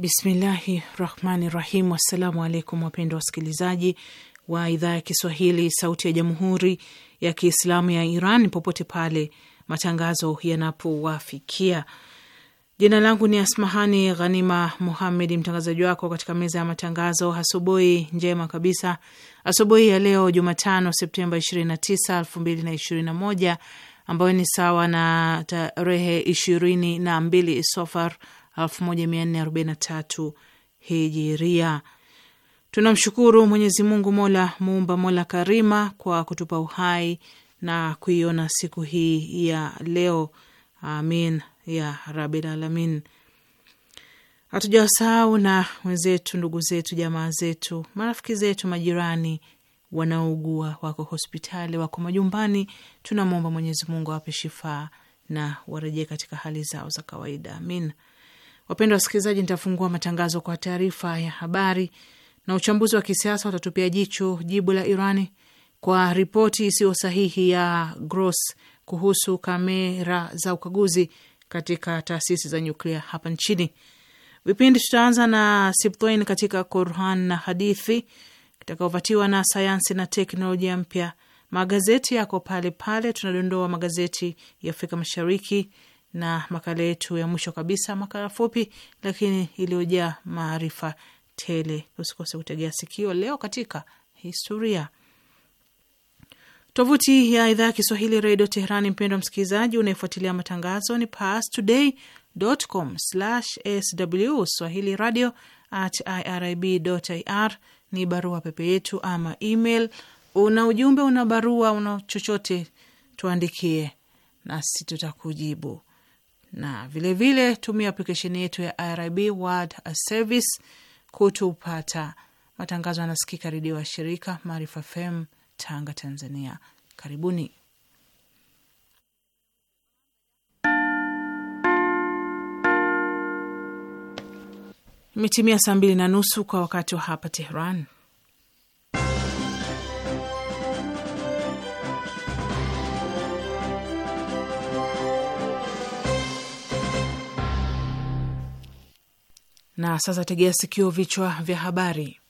Bismillahi rahmani rahim. Assalamu alaikum wapendwa wasikilizaji wa idhaa ya Kiswahili sauti ya jamhuri ya Kiislamu ya Iran popote pale matangazo yanapowafikia. Jina langu ni Asmahani Ghanima Muhammed, mtangazaji wako katika meza ya matangazo. Asubuhi njema kabisa, asubuhi ya leo Jumatano Septemba 29, 2021 ambayo ni sawa na tarehe 22 Sofar 1443 hijiria. Tunamshukuru Mwenyezi Mungu mola muumba mola karima kwa kutupa uhai na kuiona siku hii ya leo. Amin ya rabil alamin. Hatujawasahau na wenzetu, ndugu zetu, jamaa zetu, marafiki zetu, majirani wanaougua, wako hospitali, wako majumbani. Tunamwomba Mwenyezi Mungu awape shifaa na warejee katika hali zao za kawaida. Amin. Wapendwa wasikilizaji, nitafungua matangazo kwa taarifa ya habari na uchambuzi wa kisiasa utatupia jicho jibu la Irani kwa ripoti isiyo sahihi ya Gross kuhusu kamera za ukaguzi katika taasisi za nyuklia hapa nchini. Vipindi tutaanza na Sibtain katika Qur'an na hadithi kitakaopatiwa na sayansi na teknolojia mpya. Magazeti yako pale pale, tunadondoa magazeti ya Afrika Mashariki na makala yetu ya mwisho kabisa, makala fupi lakini iliyojaa maarifa tele. Usikose kutegea sikio leo katika historia. Tovuti ya idhaa ya Kiswahili redio Teherani, mpendwa msikilizaji unayefuatilia matangazo ni pastoday.com/sw, swahili radio at irib.ir ni barua pepe yetu ama email. Una ujumbe, una barua, una chochote, tuandikie nasi tutakujibu na vilevile vile tumia aplikesheni yetu ya IRIB World Service kutupata. Matangazo yanasikika redio ya shirika Maarifa FM Tanga, Tanzania. Karibuni. Imetimia saa mbili na nusu kwa wakati wa hapa Tehran. Na sasa tegea sikio, vichwa vya habari.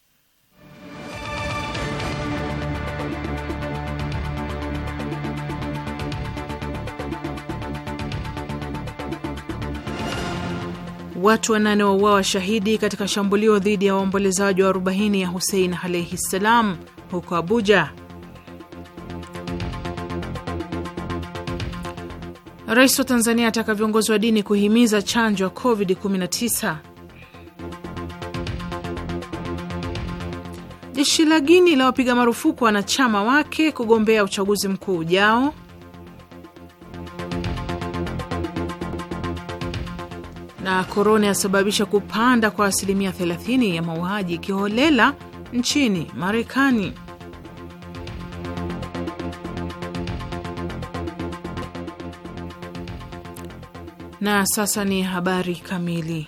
Watu wanane wauawa shahidi katika shambulio dhidi ya waombolezaji wa 40 ya Husein alaihi ssalam huko Abuja. Rais wa Tanzania ataka viongozi wa dini kuhimiza chanjo ya COVID-19. Jeshi la Guini la wapiga marufuku wanachama wake kugombea uchaguzi mkuu ujao. Na korona yasababisha kupanda kwa asilimia 30 ya mauaji kiholela nchini Marekani. Na sasa ni habari kamili.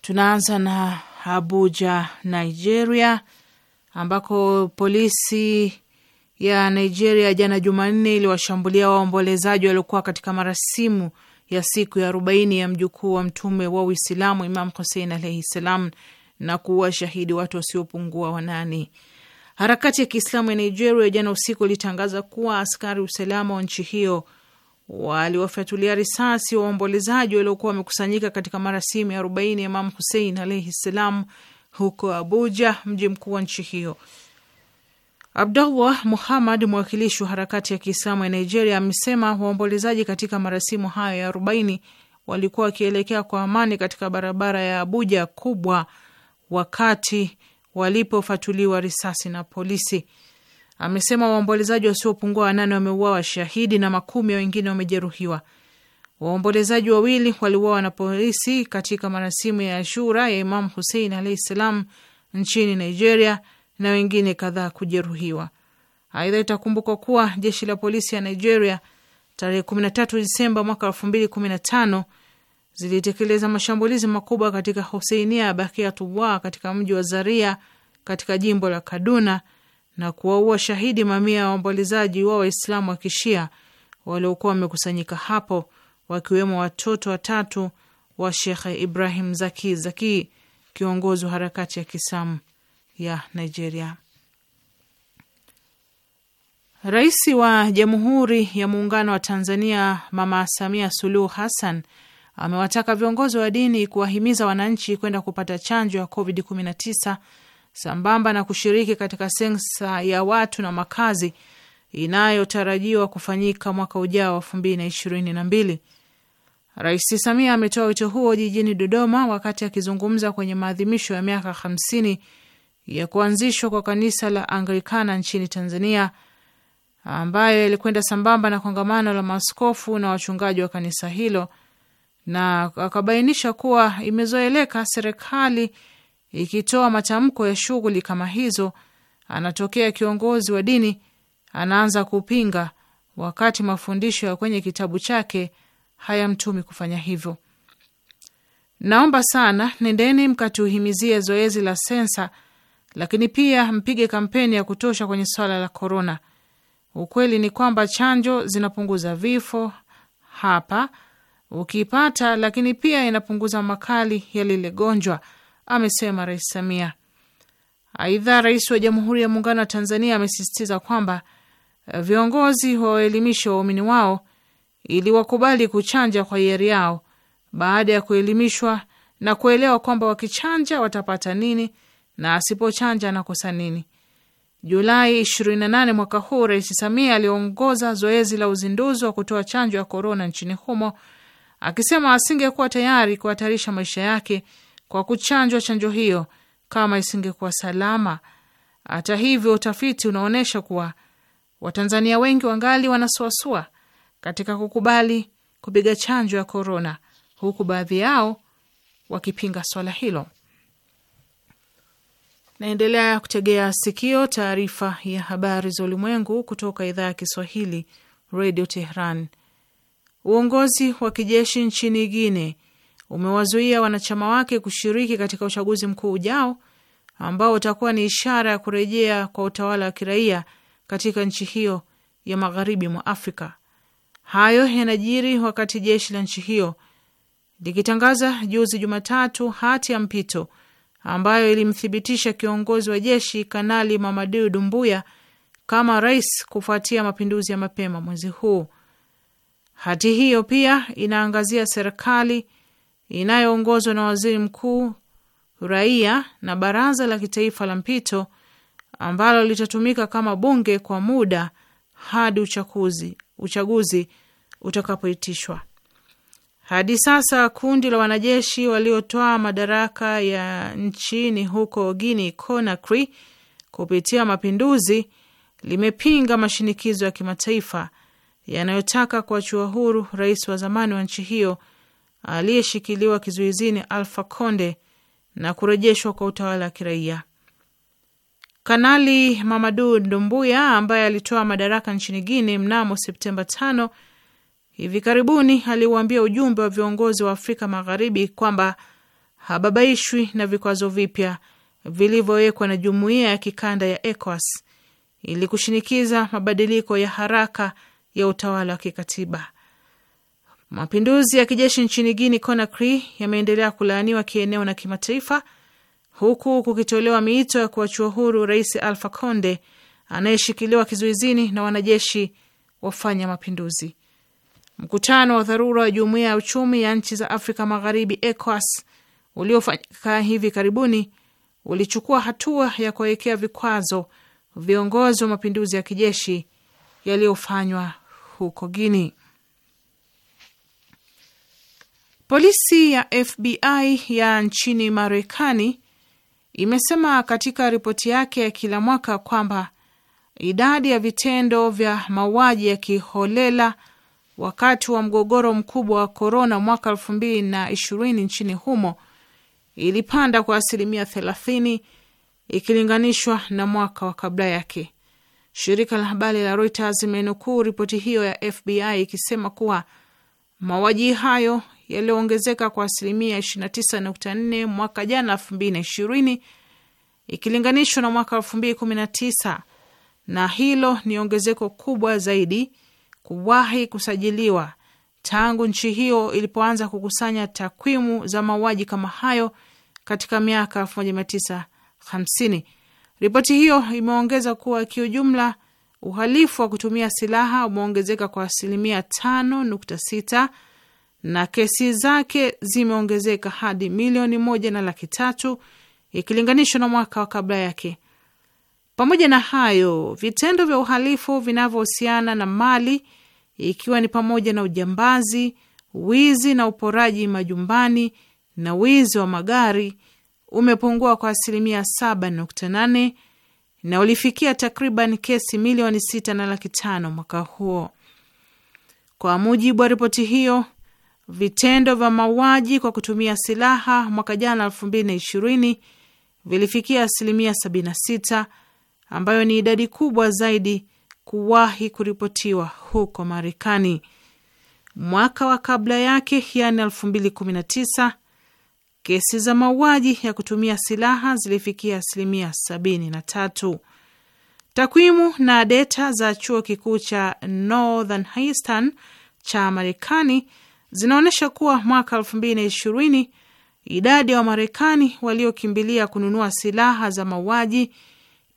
Tunaanza na Abuja, Nigeria, ambako polisi ya Nigeria jana Jumanne iliwashambulia waombolezaji waliokuwa katika marasimu ya siku ya arobaini ya mjukuu wa mtume wa Uislamu Imam Husein alaihi ssalam na kuua shahidi watu wasiopungua wanane. Harakati ya Kiislamu ya Nigeria jana usiku ilitangaza kuwa askari usalama wa nchi hiyo waliwafyatulia risasi waombolezaji waliokuwa wamekusanyika katika marasimu ya arobaini ya Imamu Husein alaihi ssalam huko Abuja, mji mkuu wa nchi hiyo. Abdullah Muhammad, mwakilishi wa harakati ya Kiislamu ya Nigeria, amesema waombolezaji katika marasimu hayo ya arobaini walikuwa wakielekea kwa amani katika barabara ya Abuja kubwa wakati walipofatuliwa risasi na polisi amesema waombolezaji wasiopungua wanane wameuawa shahidi na makumi ya wengine wamejeruhiwa. Waombolezaji wawili waliuawa na polisi katika marasimu ya Ashura ya Imamu Husein alahi ssalam nchini Nigeria na wengine kadhaa kujeruhiwa. Aidha, itakumbukwa kuwa jeshi la polisi ya Nigeria tarehe 13 Disemba mwaka 2015 zilitekeleza mashambulizi makubwa katika Huseinia Bakiatullah katika mji wa Zaria katika jimbo la Kaduna na kuwaua shahidi mamia ya waombolezaji wa Waislamu wa kishia waliokuwa wamekusanyika hapo, wakiwemo watoto watatu wa Shekh Ibrahim Zaki Zaki, kiongozi wa harakati ya kisamu ya Nigeria. Rais wa Jamhuri ya Muungano wa Tanzania Mama Samia Suluhu Hassan amewataka viongozi wa dini kuwahimiza wananchi kwenda kupata chanjo ya COVID-19 sambamba na kushiriki katika sensa ya watu na makazi inayotarajiwa kufanyika mwaka ujao wa elfu mbili na ishirini na mbili. Rais Samia ametoa wito huo jijini Dodoma wakati akizungumza kwenye maadhimisho ya miaka hamsini ya kuanzishwa kwa kanisa la Anglikana nchini Tanzania, ambayo yalikwenda sambamba na kongamano la maaskofu na wachungaji wa kanisa hilo, na akabainisha kuwa imezoeleka serikali ikitoa matamko ya shughuli kama hizo, anatokea kiongozi wa dini anaanza kupinga, wakati mafundisho ya kwenye kitabu chake hayamtumi kufanya hivyo. Naomba sana nendeni mkatuhimizia zoezi la sensa, lakini pia mpige kampeni ya kutosha kwenye swala la korona. Ukweli ni kwamba chanjo zinapunguza vifo hapa ukipata, lakini pia inapunguza makali ya lile gonjwa amesema Rais Samia. Aidha, rais wa Jamhuri ya Muungano wa Tanzania amesisitiza kwamba eh, viongozi wawaelimishe waumini wao ili wakubali kuchanja kwa hiari yao baada ya kuelimishwa na kuelewa kwamba wakichanja watapata nini na asipochanja anakosa nini. Julai 28 mwaka huu, Rais Samia aliongoza zoezi la uzinduzi wa kutoa chanjo ya korona nchini humo, akisema asingekuwa tayari kuhatarisha maisha yake kwa kuchanjwa chanjo hiyo kama isingekuwa salama. Hata hivyo, utafiti unaonyesha kuwa Watanzania wengi wangali wanasuasua katika kukubali kupiga chanjo ya korona, huku baadhi yao wakipinga swala hilo. Naendelea kutegea sikio taarifa ya habari za ulimwengu kutoka idhaa ya Kiswahili, Radio Tehran. Uongozi wa kijeshi nchini Guine umewazuia wanachama wake kushiriki katika uchaguzi mkuu ujao ambao utakuwa ni ishara ya kurejea kwa utawala wa kiraia katika nchi hiyo ya magharibi mwa Afrika. Hayo yanajiri wakati jeshi la nchi hiyo likitangaza juzi Jumatatu hati ya mpito ambayo ilimthibitisha kiongozi wa jeshi Kanali Mamadiu Dumbuya kama rais kufuatia mapinduzi ya mapema mwezi huu. Hati hiyo pia inaangazia serikali inayoongozwa na waziri mkuu, raia na baraza la kitaifa la mpito ambalo litatumika kama bunge kwa muda hadi uchaguzi, uchaguzi utakapoitishwa. Hadi sasa kundi la wanajeshi waliotoa madaraka ya nchini huko Guinea Conakry kupitia mapinduzi limepinga mashinikizo ya kimataifa yanayotaka kuachiwa huru rais wa zamani wa nchi hiyo aliyeshikiliwa kizuizini Alfa Konde na kurejeshwa kwa utawala wa kiraia. Kanali Mamadu Ndumbuya ambaye alitoa madaraka nchini Guine mnamo Septemba a hivi karibuni aliuambia ujumbe wa viongozi wa Afrika Magharibi kwamba hababaishwi na vikwazo vipya vilivyowekwa na jumuiya ya kikanda ya ECOWAS ili kushinikiza mabadiliko ya haraka ya utawala wa kikatiba. Mapinduzi ya kijeshi nchini Guinea Conakry yameendelea kulaaniwa kieneo na kimataifa, huku kukitolewa miito ya kuachua huru Rais Alpha Conde anayeshikiliwa kizuizini na wanajeshi wafanya mapinduzi. Mkutano wa dharura wa Jumuiya ya Uchumi ya Nchi za Afrika Magharibi, ECOWAS, uliofanyika hivi karibuni ulichukua hatua ya kuwawekea vikwazo viongozi wa mapinduzi ya kijeshi yaliyofanywa huko Guinea. Polisi ya FBI ya nchini Marekani imesema katika ripoti yake ya kila mwaka kwamba idadi ya vitendo vya mauaji ya kiholela wakati wa mgogoro mkubwa wa korona mwaka elfu mbili na ishirini nchini humo ilipanda kwa asilimia thelathini ikilinganishwa na mwaka wa kabla yake. Shirika la habari la Reuters imenukuu ripoti hiyo ya FBI ikisema kuwa mauaji hayo yaliyoongezeka kwa asilimia 29.4 mwaka jana 2020 ikilinganishwa na mwaka 2019, na hilo ni ongezeko kubwa zaidi kuwahi kusajiliwa tangu nchi hiyo ilipoanza kukusanya takwimu za mauaji kama hayo katika miaka 1950. Ripoti hiyo imeongeza kuwa kiujumla uhalifu wa kutumia silaha umeongezeka kwa asilimia 5.6 na kesi zake zimeongezeka hadi milioni moja na laki tatu ikilinganishwa na mwaka wa kabla yake. Pamoja na hayo, vitendo vya uhalifu vinavyohusiana na mali ikiwa ni pamoja na ujambazi, wizi na uporaji majumbani na wizi wa magari umepungua kwa asilimia 7.8 na ulifikia takriban kesi milioni 6 na laki tano mwaka huo, kwa mujibu wa ripoti hiyo vitendo vya mauaji kwa kutumia silaha mwaka jana elfu mbili na ishirini vilifikia asilimia 76 ambayo ni idadi kubwa zaidi kuwahi kuripotiwa huko Marekani. Mwaka wa kabla yake, yaani 2019, kesi za mauaji ya kutumia silaha zilifikia asilimia tatu Takwimu na deta za chuo kikuu cha Eastern cha Marekani zinaonyesha kuwa mwaka elfu mbili na ishirini idadi ya Wamarekani waliokimbilia kununua silaha za mauaji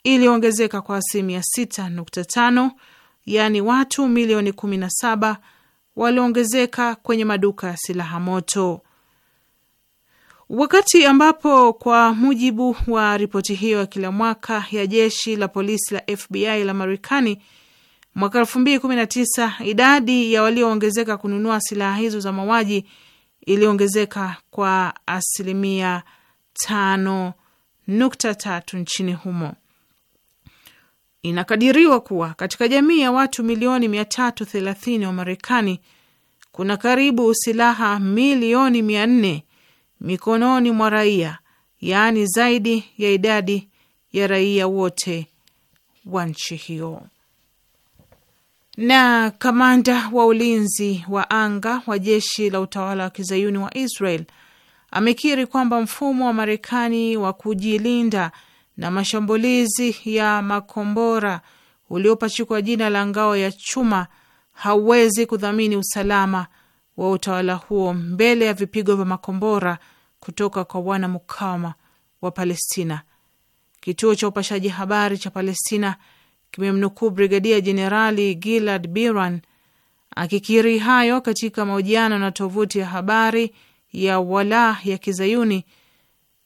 iliongezeka kwa asilimia nukta tano yaani watu milioni kumi na saba waliongezeka kwenye maduka ya silaha moto, wakati ambapo kwa mujibu wa ripoti hiyo ya kila mwaka ya jeshi la polisi la FBI la Marekani Mwaka elfu mbili kumi na tisa idadi ya walioongezeka kununua silaha hizo za mauaji iliongezeka kwa asilimia tano nukta tatu nchini humo. Inakadiriwa kuwa katika jamii ya watu milioni mia tatu thelathini wa Marekani kuna karibu silaha milioni mia nne mikononi mwa raia, yaani zaidi ya idadi ya raia wote wa nchi hiyo. Na kamanda wa ulinzi wa anga wa jeshi la utawala wa kizayuni wa Israel amekiri kwamba mfumo wa Marekani wa kujilinda na mashambulizi ya makombora uliopachikwa jina la ngao ya chuma hauwezi kudhamini usalama wa utawala huo mbele ya vipigo vya makombora kutoka kwa wanamukawama wa Palestina. Kituo cha upashaji habari cha Palestina kimemnukuu Brigadia Jenerali gillard Biran akikiri hayo katika mahojiano na tovuti ya habari ya Wala ya Kizayuni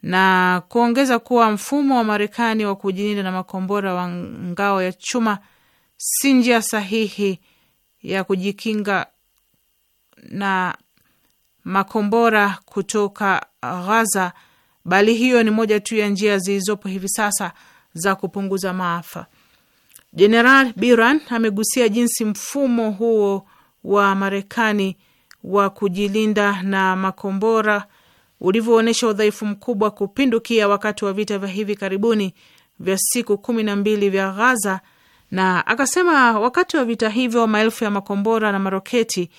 na kuongeza kuwa mfumo wa Marekani wa kujilinda na makombora wa ngao ya chuma si njia sahihi ya kujikinga na makombora kutoka Ghaza, bali hiyo ni moja tu ya njia zilizopo hivi sasa za kupunguza maafa. Jeneral Biran amegusia jinsi mfumo huo wa Marekani wa kujilinda na makombora ulivyoonyesha udhaifu mkubwa kupindukia wakati wa vita vya hivi karibuni vya siku kumi na mbili vya Ghaza, na akasema wakati wa vita hivyo maelfu ya makombora na maroketi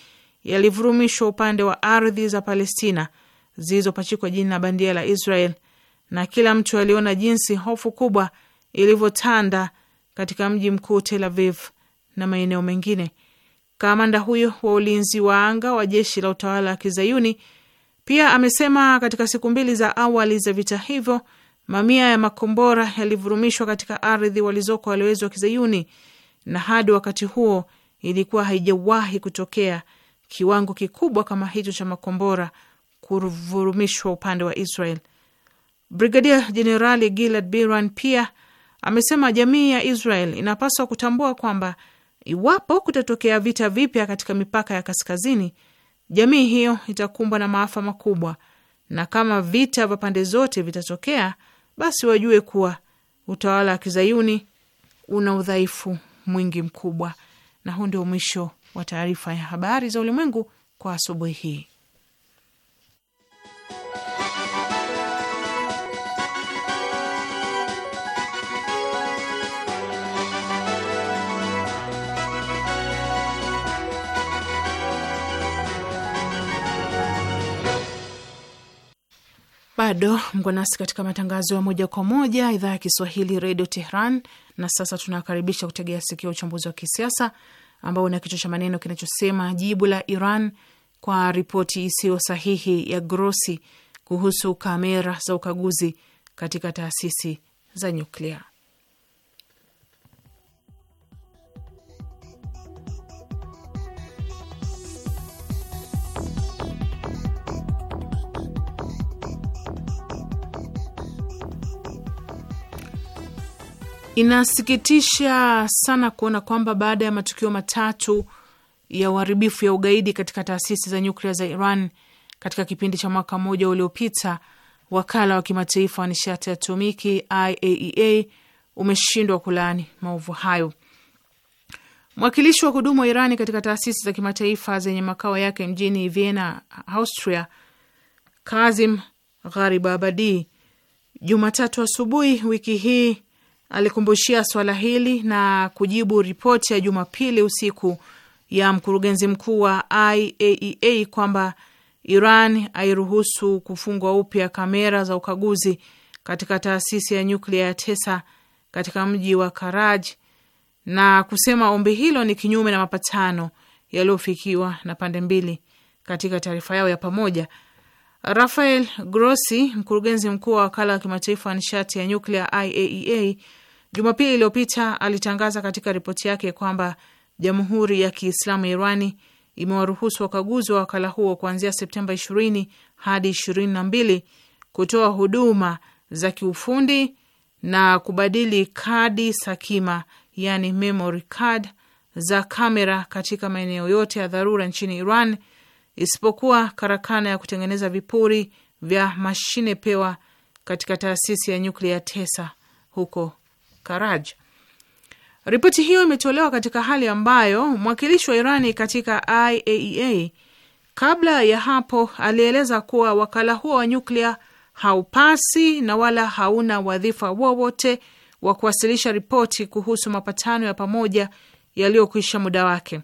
yalivurumishwa upande wa ardhi za Palestina zilizopachikwa jina bandia la Israel, na kila mtu aliona jinsi hofu kubwa ilivyotanda katika mji mkuu Tel Aviv na maeneo mengine. Kamanda huyo wa ulinzi wa anga wa jeshi la utawala wa kizayuni pia amesema katika siku mbili za awali za vita hivyo mamia ya makombora yalivurumishwa katika ardhi walizoko walowezi wa kizayuni, na hadi wakati huo ilikuwa haijawahi kutokea kiwango kikubwa kama hicho cha makombora kuvurumishwa upande wa Israel. Brigadia Jenerali Gilad Biran pia amesema jamii ya Israel inapaswa kutambua kwamba iwapo kutatokea vita vipya katika mipaka ya kaskazini, jamii hiyo itakumbwa na maafa makubwa, na kama vita vya pande zote vitatokea, basi wajue kuwa utawala wa kizayuni una udhaifu mwingi mkubwa. Na huu ndio mwisho wa taarifa ya habari za ulimwengu kwa asubuhi hii. Bado mko nasi katika matangazo ya moja kwa moja idhaa ya Kiswahili redio Tehran. Na sasa tunakaribisha kutegea sikio uchambuzi wa kisiasa ambao una kichwa cha maneno kinachosema jibu la Iran kwa ripoti isiyo sahihi ya Grossi kuhusu kamera za ukaguzi katika taasisi za nyuklia. Inasikitisha sana kuona kwamba baada ya matukio matatu ya uharibifu ya ugaidi katika taasisi za nyuklia za Iran katika kipindi cha mwaka mmoja uliopita, wakala wa kimataifa wa nishati ya atomiki IAEA e umeshindwa kulaani maovu hayo. Mwakilishi wa kudumu wa Irani katika taasisi za kimataifa zenye makao yake mjini Vienna, Austria, Kazim Gharibabadi Jumatatu asubuhi wiki hii alikumbushia swala hili na kujibu ripoti ya Jumapili usiku ya mkurugenzi mkuu wa IAEA e kwamba Iran hairuhusu kufungwa upya kamera za ukaguzi katika taasisi ya nyuklia ya Tesa katika mji wa Karaj na kusema ombi hilo ni kinyume na mapatano yaliyofikiwa na pande mbili katika taarifa yao ya pamoja Rafael Grossi, mkurugenzi mkuu wa wakala wa kimataifa wa nishati ya nyuklia IAEA, e Jumapili iliyopita alitangaza katika ripoti yake kwamba Jamhuri ya Kiislamu ya Irani imewaruhusu wakaguzi wa wakala huo kuanzia Septemba 20 hadi 22 kutoa huduma za kiufundi na kubadili kadi sakima, yani memory card za kamera katika maeneo yote ya dharura nchini Iran isipokuwa karakana ya kutengeneza vipuri vya mashine pewa katika taasisi ya nyuklia Tesa huko Karaj. Ripoti hiyo imetolewa katika hali ambayo mwakilishi wa Irani katika IAEA e kabla ya hapo alieleza kuwa wakala huo wa nyuklia haupasi na wala hauna wadhifa wowote wa kuwasilisha ripoti kuhusu mapatano ya pamoja yaliyokwisha muda wake.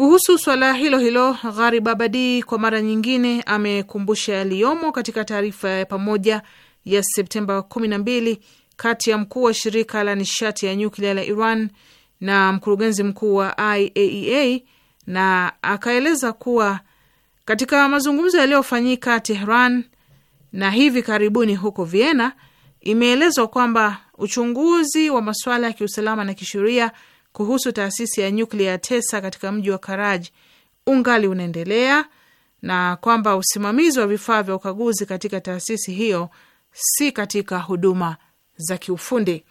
Kuhusu swala hilo hilo, Gharib Abadi kwa mara nyingine amekumbusha yaliyomo katika taarifa ya pamoja ya Septemba 12 kati ya mkuu wa shirika la nishati ya nyuklia la Iran na mkurugenzi mkuu wa IAEA e na akaeleza kuwa katika mazungumzo yaliyofanyika Tehran na hivi karibuni huko Vienna, imeelezwa kwamba uchunguzi wa masuala ya kiusalama na kisheria kuhusu taasisi ya nyuklia ya Tesa katika mji wa karaj ungali unaendelea na kwamba usimamizi wa vifaa vya ukaguzi katika taasisi hiyo si katika huduma za kiufundi.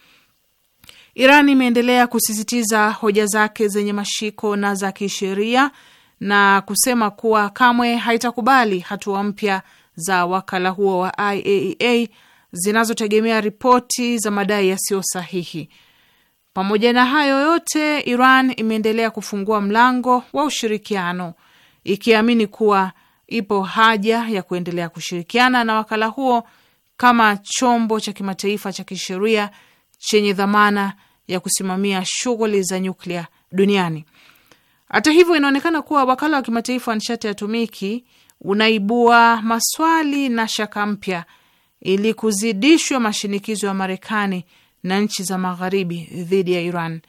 Iran imeendelea kusisitiza hoja zake zenye mashiko na za kisheria na kusema kuwa kamwe haitakubali hatua mpya za wakala huo wa IAEA e zinazotegemea ripoti za madai yasiyo sahihi. Pamoja na hayo yote, Iran imeendelea kufungua mlango wa ushirikiano ikiamini kuwa ipo haja ya kuendelea kushirikiana na wakala huo kama chombo cha kimataifa cha kisheria chenye dhamana ya kusimamia shughuli za nyuklia duniani. Hata hivyo, inaonekana kuwa wakala wa kimataifa wa nishati ya atomiki unaibua maswali na shaka mpya ili kuzidishwa mashinikizo ya Marekani na nchi za magharibi dhidi ya Iran.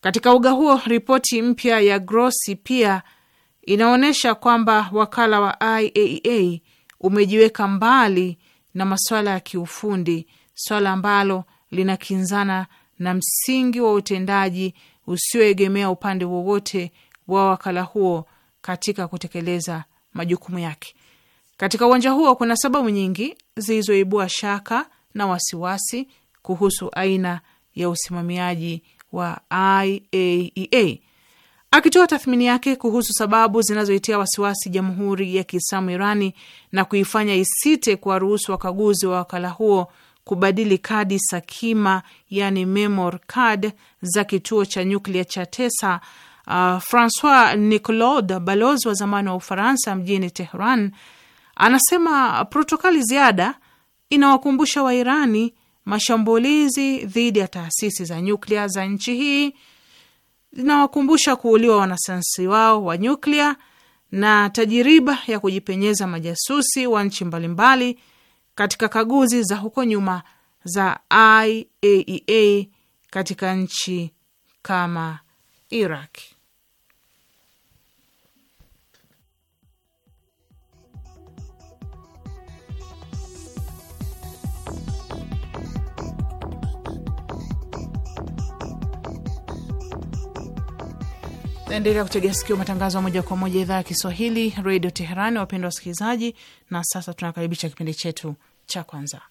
Katika uga huo, ripoti mpya ya Grossi pia inaonyesha kwamba wakala wa IAEA e umejiweka mbali na masuala ya kiufundi, swala ambalo linakinzana na msingi wa utendaji usioegemea upande wowote wa wakala huo katika kutekeleza majukumu yake. Katika uwanja huo kuna sababu nyingi zilizoibua shaka na wasiwasi kuhusu aina ya usimamiaji wa IAEA. E Akitoa tathmini yake kuhusu sababu zinazoitia wasiwasi Jamhuri ya Kiislamu Irani na kuifanya isite kuwaruhusu wakaguzi wa wakala huo kubadili kadi sakima, yani memor card za kituo cha nyuklia cha Tesa, uh, Francois Niclaude, balozi wa zamani wa Ufaransa mjini Tehran, anasema protokali ziada inawakumbusha Wairani mashambulizi dhidi ya taasisi za nyuklia za nchi hii, zinawakumbusha kuuliwa wanasayansi wao wa nyuklia na tajiriba ya kujipenyeza majasusi wa nchi mbalimbali katika kaguzi za huko nyuma za IAEA e katika nchi kama Iraq. Naendelea kutegea sikio matangazo ya moja kwa moja idhaa ya Kiswahili redio Teherani, wapendwa wasikilizaji. Na sasa tunakaribisha kipindi chetu cha kwanza,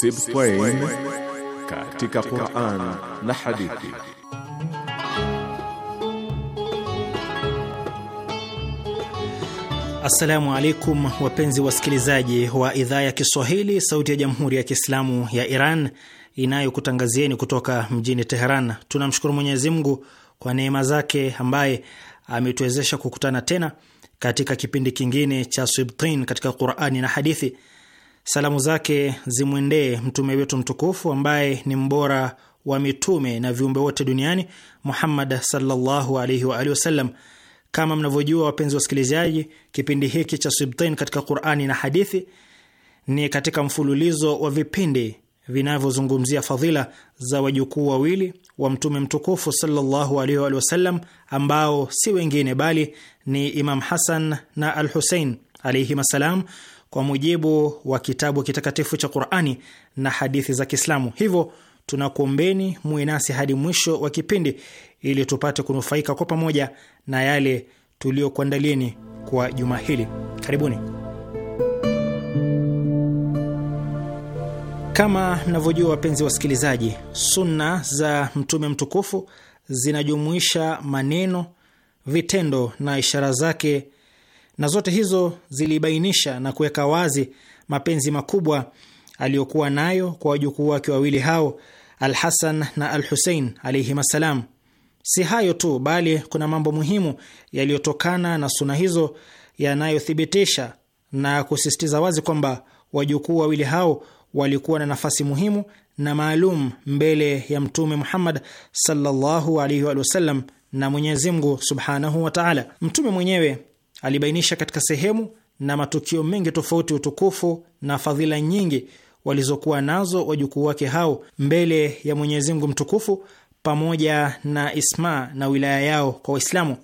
Sibtain katika Qur'an na hadithi. Assalamu alaikum wapenzi wasikilizaji wa idhaa ya Kiswahili sauti ya Jamhuri ya Kiislamu ya Iran inayokutangazieni kutoka mjini Teheran. Tunamshukuru Mwenyezi Mungu kwa neema zake ambaye ametuwezesha kukutana tena katika kipindi kingine cha Sibtin katika Qur'ani na hadithi. Salamu zake zimwendee mtume wetu mtukufu ambaye ni mbora wa mitume na viumbe wote duniani Muhammad sallallahu alaihi wa alihi wasallam. Kama mnavyojua, wapenzi wasikilizaji, kipindi hiki cha Sibtain katika Qurani na hadithi ni katika mfululizo wa vipindi vinavyozungumzia fadhila za wajukuu wawili wa mtume mtukufu sallallahu alaihi wa alihi wasallam ambao si wengine bali ni Imam Hasan na al Husein alaihim assalam kwa mujibu wa kitabu kitakatifu cha Qur'ani na hadithi za Kiislamu. Hivyo tunakuombeni muwe nasi hadi mwisho wa kipindi ili tupate kunufaika kwa pamoja na yale tuliyokuandalieni kwa juma hili. Karibuni. Kama mnavyojua wapenzi wasikilizaji, sunna za Mtume mtukufu zinajumuisha maneno, vitendo na ishara zake na zote hizo zilibainisha na kuweka wazi mapenzi makubwa aliyokuwa nayo kwa wajukuu wake wawili hao alhasan na alhusein Husein alaihim assalam. Si hayo tu, bali kuna mambo muhimu yaliyotokana na suna hizo yanayothibitisha na kusisitiza wazi kwamba wajukuu wawili hao walikuwa na nafasi muhimu na maalum mbele ya Mtume Muhammad sallallahu alaihi wa sallam na Mwenyezi Mungu subhanahu wa taala. Mtume mwenyewe alibainisha katika sehemu na matukio mengi tofauti utukufu na fadhila nyingi walizokuwa nazo wajukuu wake hao mbele ya Mwenyezi Mungu mtukufu pamoja na isma na wilaya yao kwa Waislamu.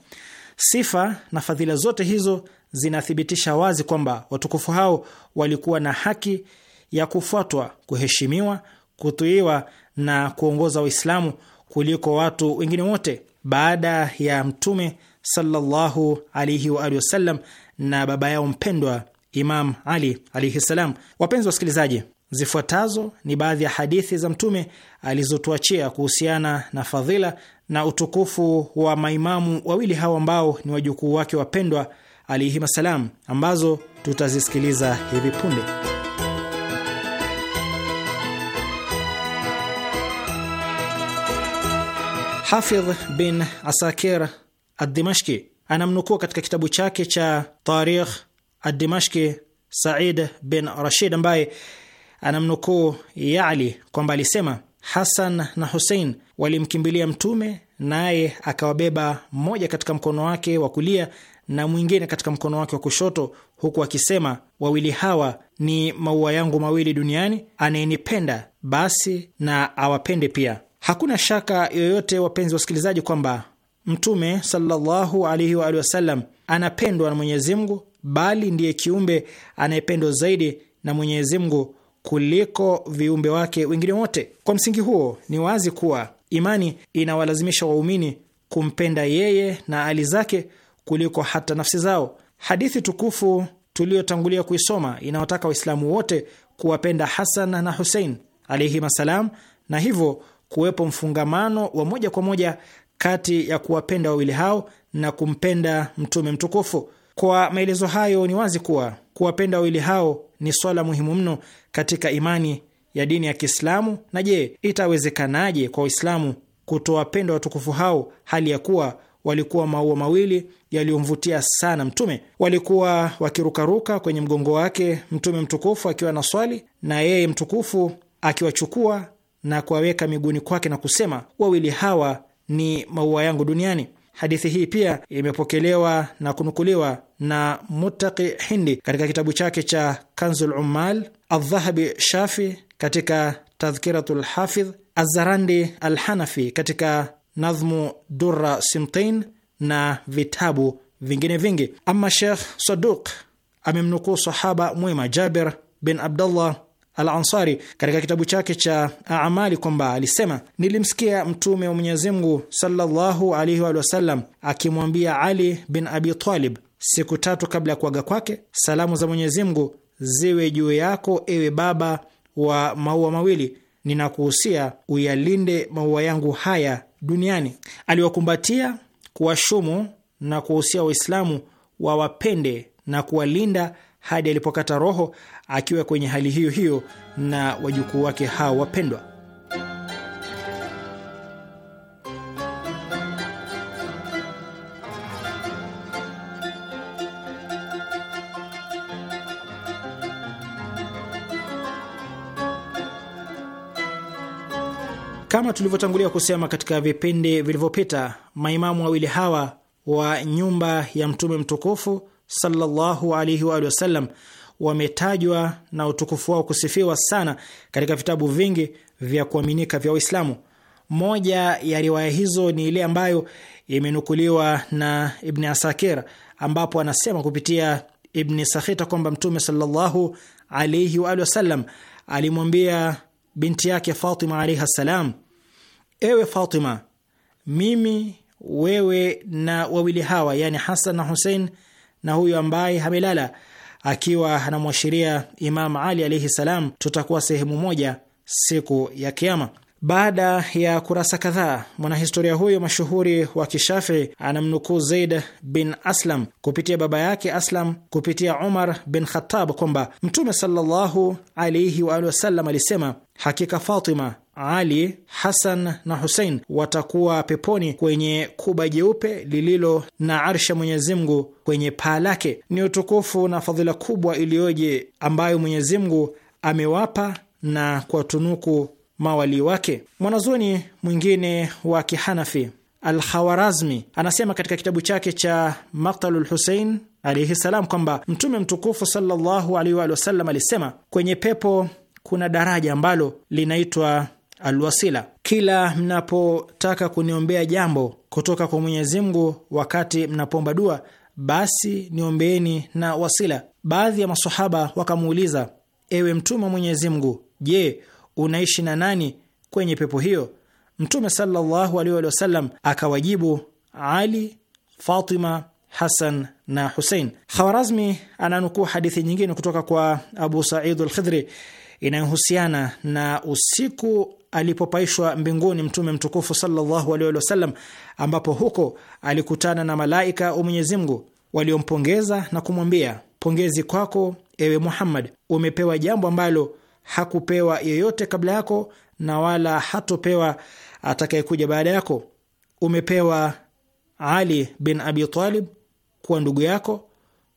Sifa na fadhila zote hizo zinathibitisha wazi kwamba watukufu hao walikuwa na haki ya kufuatwa, kuheshimiwa, kutuiwa na kuongoza Waislamu kuliko watu wengine wote baada ya Mtume sallallahu alaihi wa alihi wasallam na baba yao mpendwa Imam Ali alaihi salam. Wapenzi wasikilizaji, zifuatazo ni baadhi ya hadithi za Mtume alizotuachia kuhusiana na fadhila na utukufu wa maimamu wawili hawa ambao ni wajukuu wake wapendwa alaihim assalam, ambazo tutazisikiliza hivi punde. Hafidh bin Asakir addimashki anamnukuu katika kitabu chake cha Tarikh adimashki Said bin Rashid ambaye anamnukuu Yali kwamba alisema Hasan na Husein walimkimbilia Mtume, naye akawabeba mmoja katika mkono wake wa kulia na mwingine katika mkono wake wa kushoto, huku akisema, wawili hawa ni maua yangu mawili duniani, anayenipenda basi na awapende pia. Hakuna shaka yoyote, wapenzi wasikilizaji, kwamba Mtume sallallahu alaihi wa alihi wasallam anapendwa na Mwenyezi Mungu, bali ndiye kiumbe anayependwa zaidi na Mwenyezi Mungu kuliko viumbe wake wengine wote. Kwa msingi huo, ni wazi kuwa imani inawalazimisha waumini kumpenda yeye na ali zake kuliko hata nafsi zao. Hadithi tukufu tuliyotangulia kuisoma inawataka Waislamu wote kuwapenda Hasan na Husein alaihim assalam, na hivyo kuwepo mfungamano wa moja kwa moja kati ya kuwapenda wawili hao na kumpenda mtume mtukufu. Kwa maelezo hayo, ni wazi kuwa kuwapenda wawili hao ni swala muhimu mno katika imani ya dini ya Kiislamu. Na je, itawezekanaje kwa Waislamu kutowapenda watukufu hao hali ya kuwa walikuwa maua mawili yaliyomvutia sana mtume. Walikuwa wakirukaruka kwenye mgongo wake mtume mtukufu akiwa na swali, na yeye mtukufu akiwachukua na kuwaweka miguuni kwake na kusema, wawili hawa ni maua yangu duniani. Hadithi hii pia imepokelewa na kunukuliwa na Mutaki Hindi katika kitabu chake cha Kanzul Ummal, Aldhahabi Shafi katika Tadhkiratu Lhafidh, Azarandi Alhanafi katika Nadhmu dura Simtain na vitabu vingine vingi. Ama Shekh Saduq amemnukuu sahaba mwema Jabir bin Abdullah al Ansari katika kitabu chake cha Amali kwamba alisema, nilimsikia Mtume wa Mwenyezi Mungu sallallahu alaihi wa sallam akimwambia Ali bin Abi Talib siku tatu kabla ya kuaga kwake, salamu za Mwenyezi Mungu ziwe juu yako, ewe baba wa maua mawili, ninakuhusia uyalinde maua yangu haya duniani. Aliwakumbatia, kuwashumu na kuwahusia Waislamu wawapende na kuwalinda hadi alipokata roho akiwa kwenye hali hiyo hiyo na wajukuu wake hao wapendwa. Kama tulivyotangulia kusema katika vipindi vilivyopita, maimamu wawili hawa wa nyumba ya Mtume mtukufu sallallahu alaihi wa alihi wasallam wametajwa na utukufu wao kusifiwa sana katika vitabu vingi vya kuaminika vya waislamu Moja ya riwaya hizo ni ile ambayo imenukuliwa na Ibni Asakir, ambapo anasema kupitia Ibni Sakhita kwamba Mtume sallallahu alaihi wa wasallam alimwambia binti yake Fatima alaihi salam, ewe Fatima, mimi wewe na wawili hawa, yani Hasan na Husein na huyo ambaye amelala, akiwa anamwashiria Imam Ali alaihi salam, tutakuwa sehemu moja siku ya Kiama. Baada ya kurasa kadhaa, mwanahistoria huyo mashuhuri wa Kishafii anamnukuu Zaid bin Aslam kupitia baba yake Aslam kupitia Umar bin Khattab kwamba Mtume sallallahu alaihi waalihi wasallam alisema, hakika Fatima ali, Hasan na Husein watakuwa peponi kwenye kuba jeupe lililo na arsha Mwenyezi Mungu kwenye paa lake. Ni utukufu na fadhila kubwa iliyoje ambayo Mwenyezi Mungu amewapa na kuwatunuku mawalii wake. Mwanazuoni mwingine wa Kihanafi Alkhawarazmi anasema katika kitabu chake cha Maktalu Lhusein alaihi ssalam kwamba Mtume mtukufu sallallahu alaihi wa sallam alisema, kwenye pepo kuna daraja ambalo linaitwa alwasila, kila mnapotaka kuniombea jambo kutoka kwa Mwenyezi Mungu wakati mnapomba dua, basi niombeeni na wasila. Baadhi ya masahaba wakamuuliza, ewe Mtume wa Mwenyezi Mungu, je, unaishi na nani kwenye pepo hiyo? Mtume sallallahu alaihi wasallam akawajibu, Ali, Fatima, Hasan na Husein. Khawarazmi ananukuu hadithi nyingine kutoka kwa Abu Said al Khidhri inayohusiana na usiku alipopaishwa mbinguni Mtume mtukufu sallallahu alaihi wasallam, ambapo huko alikutana na malaika wa Mwenyezi Mungu waliompongeza na kumwambia, pongezi kwako ewe Muhammad, umepewa jambo ambalo hakupewa yeyote kabla yako na wala hatopewa atakayekuja baada yako. Umepewa Ali bin Abi Talib kuwa ndugu yako,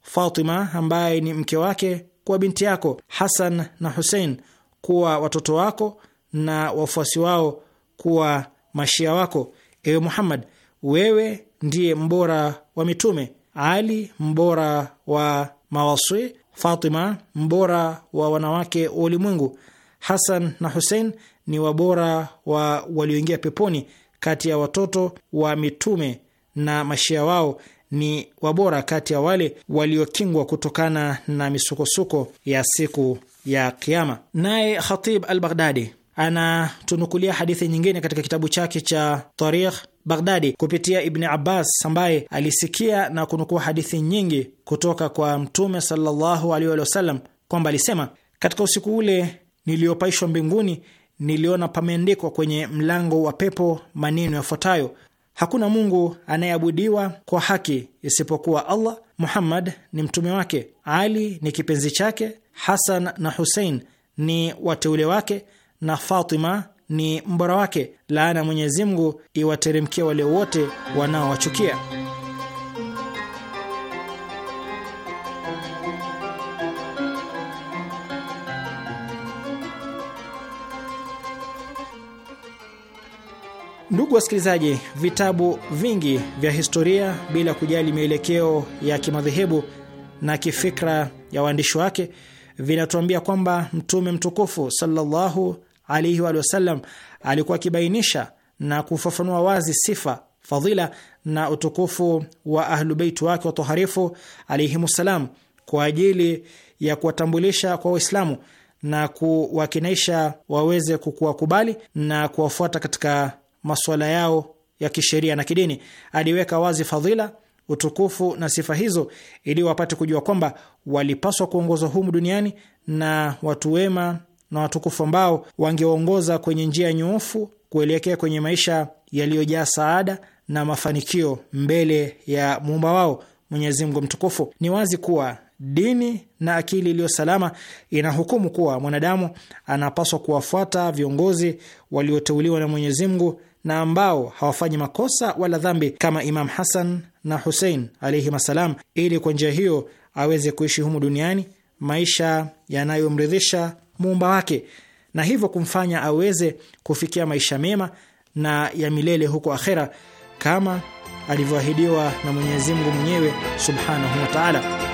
Fatima ambaye ni mke wake kuwa binti yako, Hasan na Husein kuwa watoto wako na wafuasi wao kuwa mashia wako. Ewe Muhammad, wewe ndiye mbora wa mitume, Ali mbora wa mawaswi, Fatima mbora wa wanawake wa ulimwengu, Hasan na Husein ni wabora wa walioingia peponi kati ya watoto wa mitume na mashia wao ni wabora kati ya wale waliokingwa kutokana na misukosuko ya siku ya Kiama. Naye Khatib al Baghdadi anatunukulia hadithi nyingine katika kitabu chake cha Tarikh Baghdadi kupitia Ibni Abbas ambaye alisikia na kunukua hadithi nyingi kutoka kwa Mtume sallallahu alaihi wasallam kwamba alisema, katika usiku ule niliyopaishwa mbinguni niliona pameandikwa kwenye mlango wa pepo maneno yafuatayo: hakuna Mungu anayeabudiwa kwa haki isipokuwa Allah, Muhammad ni mtume wake, Ali ni kipenzi chake, Hasan na Husein ni wateule wake na Fatima ni mbora wake. Laana ya Mwenyezi Mungu iwateremkia wale wote wanaowachukia. Ndugu wasikilizaji, vitabu vingi vya historia bila kujali mielekeo ya kimadhehebu na kifikra ya waandishi wake vinatuambia kwamba Mtume mtukufu sallallahu alaihi wa sallam alikuwa akibainisha na kufafanua wazi sifa, fadhila na utukufu wa ahlubeiti wake watoharifu alaihimussalam kwa ajili ya kuwatambulisha kwa Waislamu na kuwakinaisha waweze kukuwakubali na kuwafuata katika masuala yao ya kisheria na kidini. Aliweka wazi fadhila, utukufu na sifa hizo ili wapate kujua kwamba walipaswa kuongozwa humu duniani na watu wema na watukufu ambao wangewongoza kwenye njia nyoofu kuelekea kwenye maisha yaliyojaa saada na mafanikio mbele ya muumba wao Mwenyezi Mungu mtukufu. Ni wazi kuwa dini na akili iliyo salama inahukumu kuwa mwanadamu anapaswa kuwafuata viongozi walioteuliwa na Mwenyezi Mungu na ambao hawafanyi makosa wala dhambi kama Imam Hasan na Husein alaihim assalam, ili kwa njia hiyo aweze kuishi humu duniani maisha yanayomridhisha muumba wake na hivyo kumfanya aweze kufikia maisha mema na ya milele huko akhera kama alivyoahidiwa na Mwenyezi Mungu mwenyewe subhanahu wa ta'ala.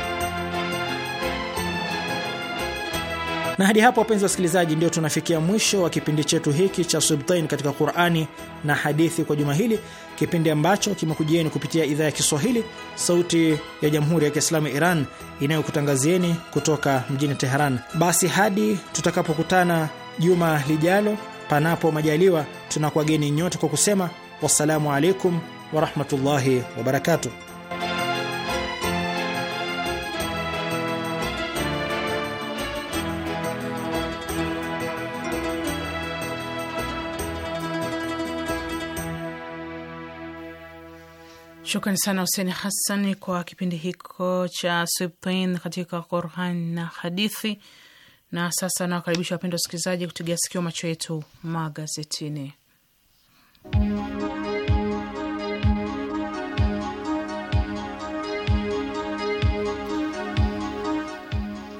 Na hadi hapo, wapenzi wasikilizaji, ndio tunafikia mwisho wa kipindi chetu hiki cha subtain katika Qurani na hadithi kwa juma hili, kipindi ambacho kimekujieni kupitia idhaa ya Kiswahili, Sauti ya Jamhuri ya Kiislamu Iran inayokutangazieni kutoka mjini Teheran. Basi hadi tutakapokutana juma lijalo, panapo majaliwa, tunakuwageni nyote kwa kusema wassalamu alaikum warahmatullahi wabarakatuh. Shukrani sana Huseni Hassan kwa kipindi hiko cha Sibtin katika Qurani na hadithi. Na sasa nawakaribisha wapendwa wasikilizaji kutega sikio, macho yetu magazetini.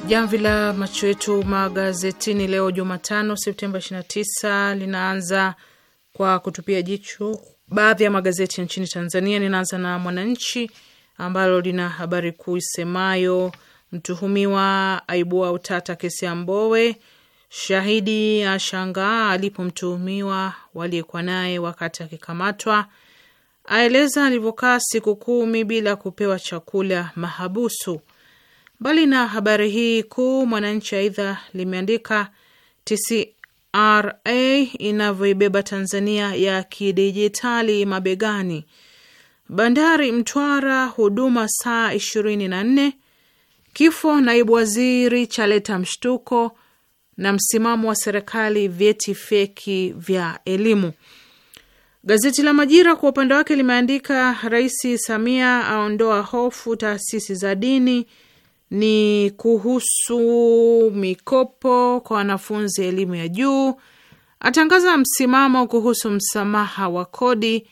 Jamvi la macho yetu magazetini leo Jumatano Septemba 29 linaanza kwa kutupia jicho baadhi ya magazeti ya nchini Tanzania. Ninaanza na Mwananchi ambalo lina habari kuu isemayo mtuhumiwa aibua utata kesi ya Mbowe, shahidi ashangaa alipomtuhumiwa mtuhumiwa waliyekuwa naye wakati akikamatwa, aeleza alivyokaa siku kumi bila kupewa chakula mahabusu. Mbali na habari hii kuu, Mwananchi aidha limeandika ra inavyoibeba Tanzania ya kidijitali mabegani. Bandari Mtwara, huduma saa 24. Kifo naibu waziri chaleta mshtuko, na msimamo wa serikali vyeti feki vya elimu. Gazeti la Majira kwa upande wake limeandika Rais Samia aondoa hofu taasisi za dini ni kuhusu mikopo kwa wanafunzi elimu ya juu, atangaza msimamo kuhusu msamaha wa kodi,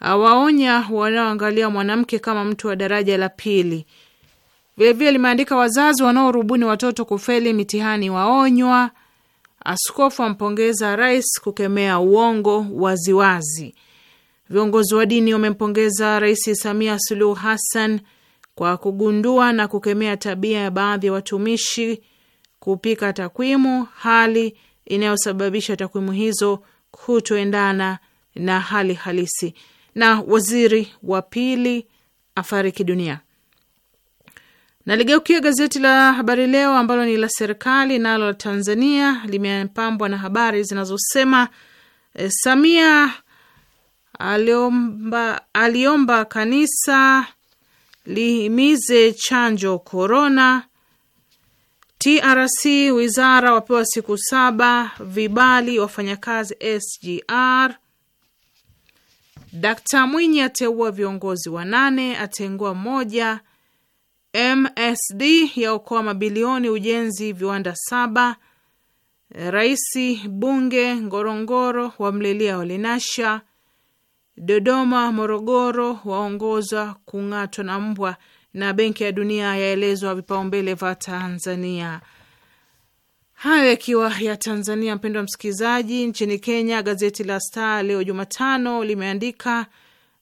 awaonya wanaoangalia mwanamke kama mtu wa daraja la pili. Vilevile limeandika wazazi wanaorubuni watoto kufeli mitihani waonywa, askofu ampongeza rais kukemea uongo waziwazi, viongozi wa dini wamempongeza Rais Samia Suluhu Hassan kwa kugundua na kukemea tabia ya baadhi ya watumishi kupika takwimu, hali inayosababisha takwimu hizo kutoendana na hali halisi, na waziri wa pili afariki dunia. Naligeukia gazeti la Habari Leo ambalo ni la serikali nalo la Tanzania limepambwa na habari zinazosema eh, Samia aliomba, aliomba kanisa lihimize chanjo korona. TRC wizara wapewa siku saba vibali wafanyakazi SGR. Dkt Mwinyi ateua viongozi wanane atengua moja. MSD yaokoa mabilioni ujenzi viwanda saba. Rais bunge Ngorongoro wamlilia Olenasha. Dodoma, Morogoro waongoza kung'atwa na mbwa, na Benki ya Dunia yaelezwa vipaumbele vya Tanzania. Hayo yakiwa ya Tanzania. Mpendwa msikilizaji, nchini Kenya, gazeti la Star leo Jumatano limeandika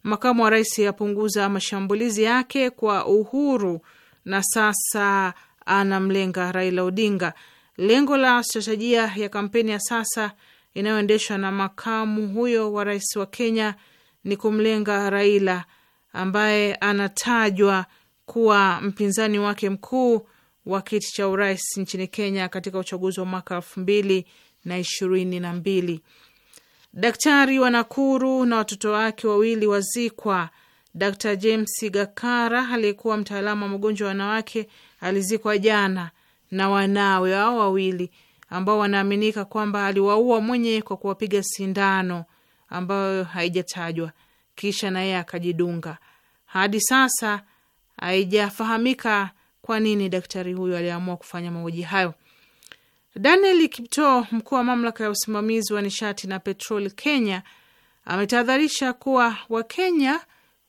makamu wa rais apunguza mashambulizi yake kwa Uhuru na sasa anamlenga Raila Odinga. Lengo la stratejia ya kampeni ya sasa inayoendeshwa na makamu huyo wa rais wa Kenya ni kumlenga Raila ambaye anatajwa kuwa mpinzani wake mkuu wa kiti cha urais nchini Kenya katika uchaguzi wa mwaka elfu mbili na ishirini na mbili. Daktari wa Nakuru na watoto wake wawili wazikwa. Dr James Gakara aliyekuwa mtaalamu wa magonjwa wanawake alizikwa jana na wanawe hao wawili ambao wanaaminika kwamba aliwaua mwenyewe kwa kuwapiga sindano ambayo haijatajwa, kisha naye akajidunga. Hadi sasa haijafahamika kwa nini daktari huyo aliamua kufanya mauaji hayo. Daniel Kipto, mkuu wa mamlaka ya usimamizi wa nishati na petroli Kenya, ametahadharisha kuwa Wakenya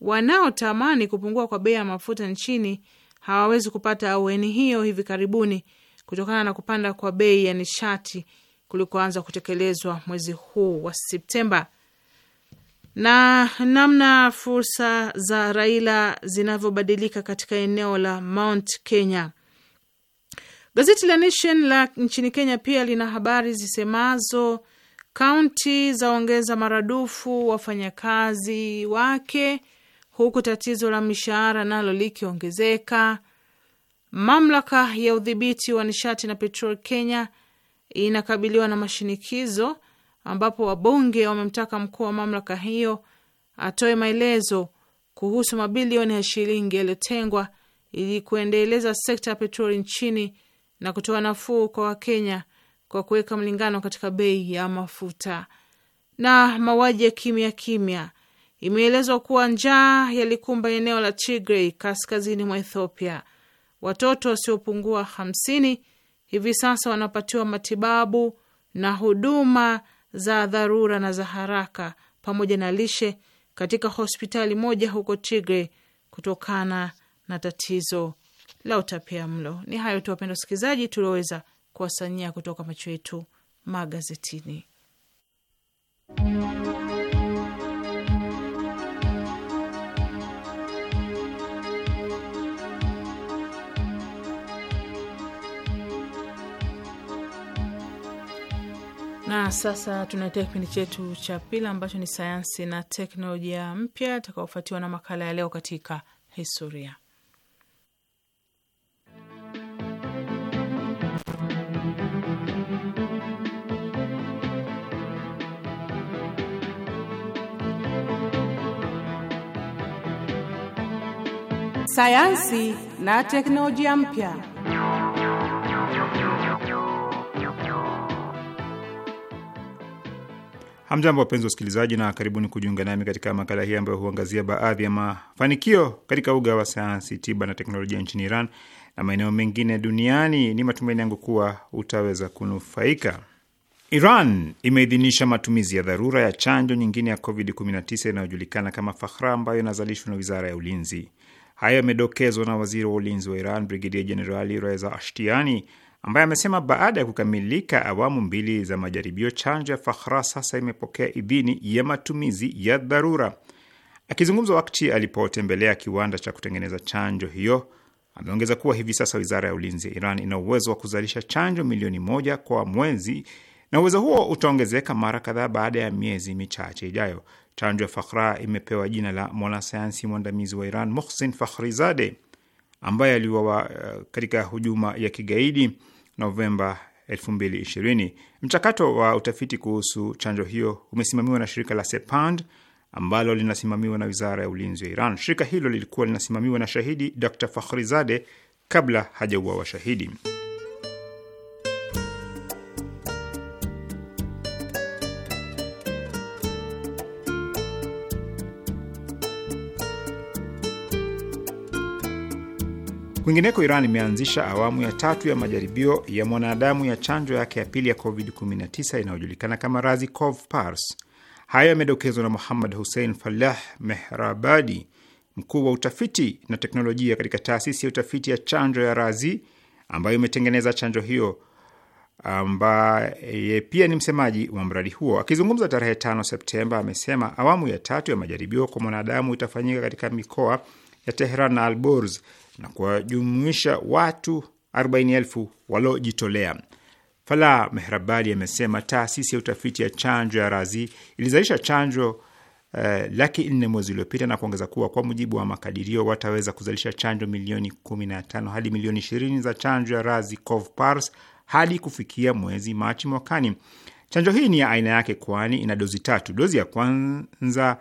wanaotamani kupungua kwa bei ya mafuta nchini hawawezi kupata aweni hiyo hivi karibuni kutokana na kupanda kwa bei ya nishati kulikoanza kutekelezwa mwezi huu wa Septemba na namna fursa za Raila zinavyobadilika katika eneo la Mount Kenya. Gazeti la Nation la nchini Kenya pia lina habari zisemazo kaunti zaongeza maradufu wafanyakazi wake huku tatizo la mishahara nalo likiongezeka. Mamlaka ya udhibiti wa nishati na petroli Kenya inakabiliwa na mashinikizo ambapo wabunge wamemtaka mkuu wa mamlaka hiyo atoe maelezo kuhusu mabilioni ya shilingi yaliyotengwa ili kuendeleza sekta ya petroli nchini na kutoa nafuu kwa Wakenya kwa kuweka mlingano katika bei ya mafuta. Na mauaji ya kimya kimya, imeelezwa kuwa njaa yalikumba eneo la Tigray kaskazini mwa Ethiopia. Watoto wasiopungua hamsini hivi sasa wanapatiwa matibabu na huduma za dharura na za haraka pamoja na lishe katika hospitali moja huko Tigre kutokana na tatizo la utapia mlo. Ni hayo tu wapenda wasikilizaji, tulioweza kuwasanyia kutoka macho yetu magazetini. Na sasa tunaletea kipindi chetu cha pili ambacho ni sayansi na teknolojia mpya, itakaofuatiwa na makala ya leo katika historia. Sayansi na teknolojia mpya. Hamjambo, wapenzi wasikilizaji, na karibuni kujiunga nami katika makala hii ambayo huangazia baadhi ya mafanikio katika uga wa sayansi tiba na teknolojia nchini Iran na maeneo mengine duniani. Ni matumaini yangu kuwa utaweza kunufaika. Iran imeidhinisha matumizi ya dharura ya chanjo nyingine ya COVID-19 inayojulikana kama Fakhra ambayo inazalishwa na wizara ya ulinzi. Hayo yamedokezwa na waziri wa ulinzi wa Iran, Brigedia Jenerali Reza Ashtiani ambaye amesema baada ya kukamilika awamu mbili za majaribio, chanjo ya Fakhra sasa imepokea idhini ya matumizi ya dharura. Akizungumza wakati alipotembelea kiwanda cha kutengeneza chanjo hiyo, ameongeza kuwa hivi sasa wizara ya ulinzi ya Iran ina uwezo wa kuzalisha chanjo milioni moja kwa mwezi na uwezo huo utaongezeka mara kadhaa baada ya miezi michache ijayo. Chanjo ya Fakhra imepewa jina la mwanasayansi mwandamizi wa Iran Mohsin Fakhrizade ambaye aliuawa eh, katika hujuma ya kigaidi Novemba 2020. Mchakato wa utafiti kuhusu chanjo hiyo umesimamiwa na shirika la Sepand ambalo linasimamiwa na wizara ya ulinzi wa Iran. Shirika hilo lilikuwa linasimamiwa na shahidi Dr Fakhrizade kabla hajauawa shahidi. Kwingineko, Iran imeanzisha awamu ya tatu ya majaribio ya mwanadamu ya chanjo yake ya pili ya COVID-19 inayojulikana kama Razikov Pars. Hayo yamedokezwa na Muhammad Hussein Falah Mehrabadi, mkuu wa utafiti na teknolojia katika taasisi ya utafiti ya chanjo ya Razi ambayo imetengeneza chanjo hiyo, ambaye pia ni msemaji wa mradi huo. Akizungumza tarehe 5 Septemba, amesema awamu ya tatu ya majaribio kwa mwanadamu itafanyika katika mikoa ya Tehran na Alborz na kuwajumuisha watu 40,000 waliojitolea. Fala Mehrabali amesema taasisi ya utafiti ya chanjo ya Razi ilizalisha chanjo Uh, laki nne mwezi uliopita na kuongeza kuwa kwa mujibu wa makadirio wataweza kuzalisha chanjo milioni 15 hadi milioni 20 za chanjo ya Razi Pars hadi kufikia mwezi Machi mwakani. Chanjo hii ni ya aina yake, kwani ina dozi tatu. Dozi ya kwanza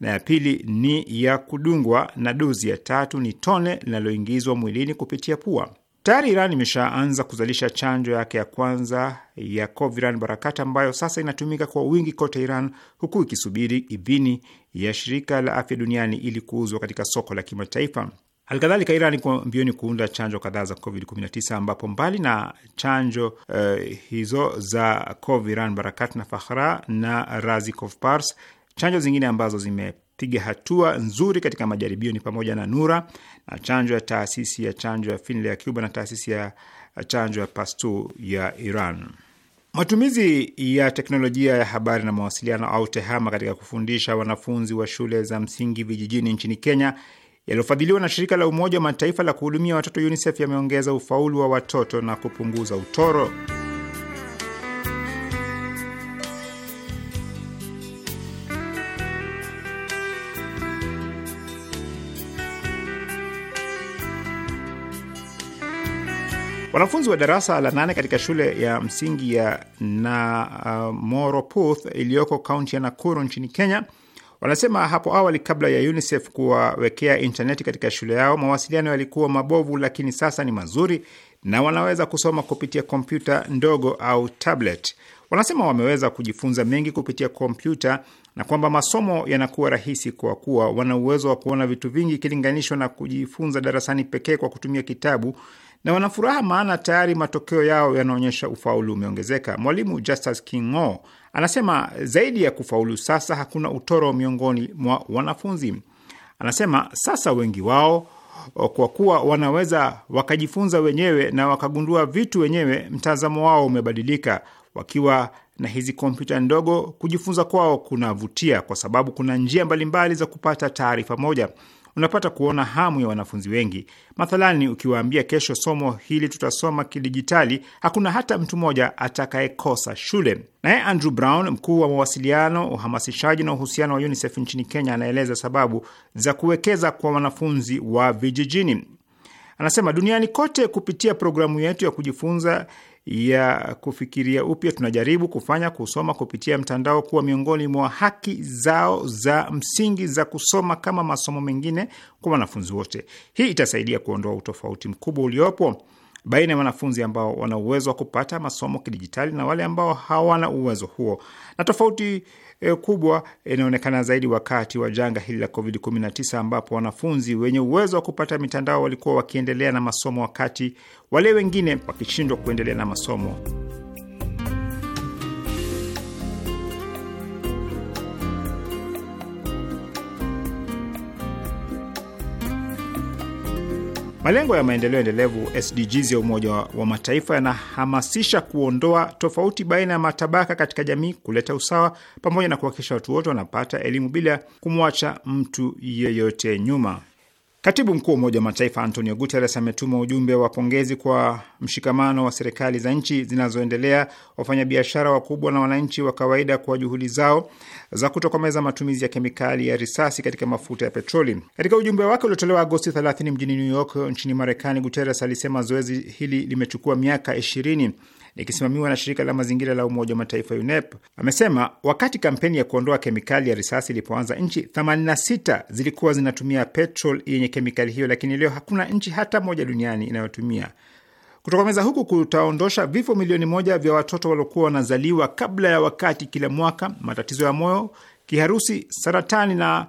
na ya pili ni ya kudungwa, na dozi ya tatu ni tone linaloingizwa mwilini kupitia pua. Tayari Iran imeshaanza kuzalisha chanjo yake ya kwanza ya Coviran Barakat ambayo sasa inatumika kwa wingi kote Iran, huku ikisubiri idhini ya shirika la afya duniani ili kuuzwa katika soko la kimataifa. Halikadhalika, Iran iko mbioni kuunda chanjo kadhaa za COVID-19 ambapo mbali na chanjo uh, hizo za Coviran Barakat na Fakhra na Razikov Chanjo zingine ambazo zimepiga hatua nzuri katika majaribio ni pamoja na Nura na chanjo ya taasisi ya chanjo ya Finlay ya Cuba na taasisi ya chanjo ya Pasteur ya Iran. Matumizi ya teknolojia ya habari na mawasiliano au TEHAMA katika kufundisha wanafunzi wa shule za msingi vijijini nchini Kenya yaliyofadhiliwa na shirika la Umoja wa Mataifa la kuhudumia watoto UNICEF yameongeza ufaulu wa watoto na kupunguza utoro. Wanafunzi wa darasa la nane katika shule ya msingi ya Namoropoth uh, iliyoko kaunti ya Nakuru nchini Kenya wanasema hapo awali, kabla ya UNICEF kuwawekea intaneti katika shule yao, mawasiliano yalikuwa mabovu, lakini sasa ni mazuri na wanaweza kusoma kupitia kompyuta ndogo au tablet. Wanasema wameweza kujifunza mengi kupitia kompyuta na kwamba masomo yanakuwa rahisi kwa kuwa wana uwezo wa kuona vitu vingi ikilinganishwa na kujifunza darasani pekee kwa kutumia kitabu na wanafuraha maana tayari matokeo yao yanaonyesha ufaulu umeongezeka. Mwalimu Justus Kingo anasema zaidi ya kufaulu, sasa hakuna utoro miongoni mwa wanafunzi. Anasema sasa wengi wao kwa kuwa wanaweza wakajifunza wenyewe na wakagundua vitu wenyewe, mtazamo wao umebadilika. Wakiwa na hizi kompyuta ndogo, kujifunza kwao kunavutia kwa sababu kuna njia mbalimbali za kupata taarifa moja unapata kuona hamu ya wanafunzi wengi. Mathalani, ukiwaambia kesho somo hili tutasoma kidijitali, hakuna hata mtu mmoja atakayekosa shule. Naye Andrew Brown, mkuu wa mawasiliano, uhamasishaji na uhusiano wa UNICEF nchini Kenya, anaeleza sababu za kuwekeza kwa wanafunzi wa vijijini. Anasema duniani kote, kupitia programu yetu ya kujifunza ya kufikiria upya, tunajaribu kufanya kusoma kupitia mtandao kuwa miongoni mwa haki zao za msingi za kusoma kama masomo mengine kwa wanafunzi wote. Hii itasaidia kuondoa utofauti mkubwa uliopo baina ya wanafunzi ambao wana uwezo wa kupata masomo kidijitali na wale ambao hawana uwezo huo, na tofauti Eh, kubwa inaonekana zaidi wakati wa janga hili la COVID-19, ambapo wanafunzi wenye uwezo wa kupata mitandao walikuwa wakiendelea na masomo wakati wale wengine wakishindwa kuendelea na masomo. Malengo ya maendeleo endelevu SDGs ya Umoja wa Mataifa yanahamasisha kuondoa tofauti baina ya matabaka katika jamii, kuleta usawa, pamoja na kuhakikisha watu wote wanapata elimu bila kumwacha mtu yeyote nyuma. Katibu mkuu wa Umoja wa Mataifa Antonio Guterres ametuma ujumbe wa pongezi kwa mshikamano wa serikali za nchi zinazoendelea, wafanyabiashara wakubwa na wananchi wa kawaida kwa juhudi zao za kutokomeza matumizi ya kemikali ya risasi katika mafuta ya petroli. Katika ujumbe wake uliotolewa Agosti 30 mjini New York nchini Marekani, Guterres alisema zoezi hili limechukua miaka 20 likisimamiwa na shirika la mazingira la Umoja wa Mataifa UNEP, amesema wakati kampeni ya kuondoa kemikali ya risasi ilipoanza, nchi 86 zilikuwa zinatumia petrol yenye kemikali hiyo, lakini leo hakuna nchi hata moja duniani inayotumia. Kutokomeza huku kutaondosha vifo milioni moja vya watoto waliokuwa wanazaliwa kabla ya wakati kila mwaka, matatizo ya moyo, kiharusi, saratani na